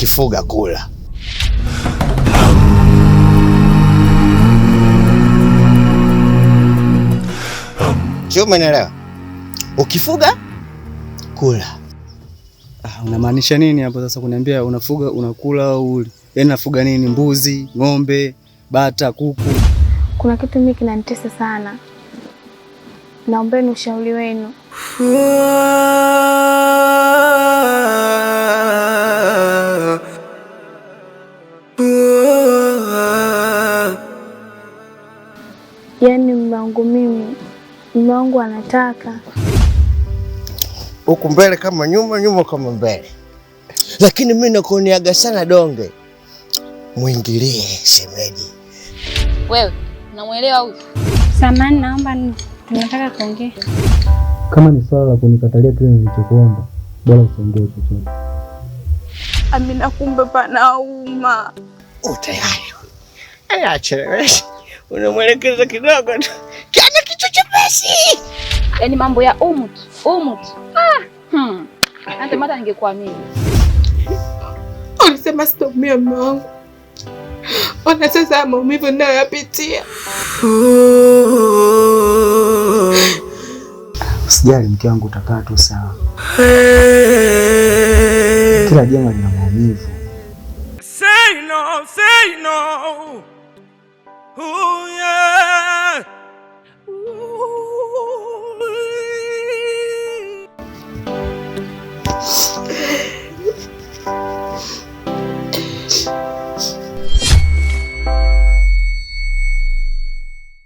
kifuga kula. Sio, umeelewa? Ukifuga kula. Ah, unamaanisha nini hapo sasa kuniambia unafuga unakula au uli? Yaani nafuga nini? Mbuzi, ng'ombe, bata, kuku? Kuna kitu mimi kinanitesa sana. Naombeni ushauri wenu. yaani mume wangu mimi, mume wangu anataka huku mbele kama nyuma, nyuma kama mbele. Lakini mimi nakuniaga sana donge, mwingilie shemeji. Wewe unamwelewa huyu? Samani, naomba tunataka kuongea. Kama ni swala la kunikatalia kile nilichokuomba, bora usiongee chochote. Amina, kumbe panauma. Utayari ayachelewesha unamwelekeza kidogo tu, kiana kichwa chepesi, yaani mambo ya umut umut. Ah, hmm. Hata mata ningekuamini. Unasema sitomia mume wangu, ona sasa maumivu ninayoyapitia. Sijali mke wangu, utakaa tu sawa. Kila jema lina maumivu. Say no, say no. Who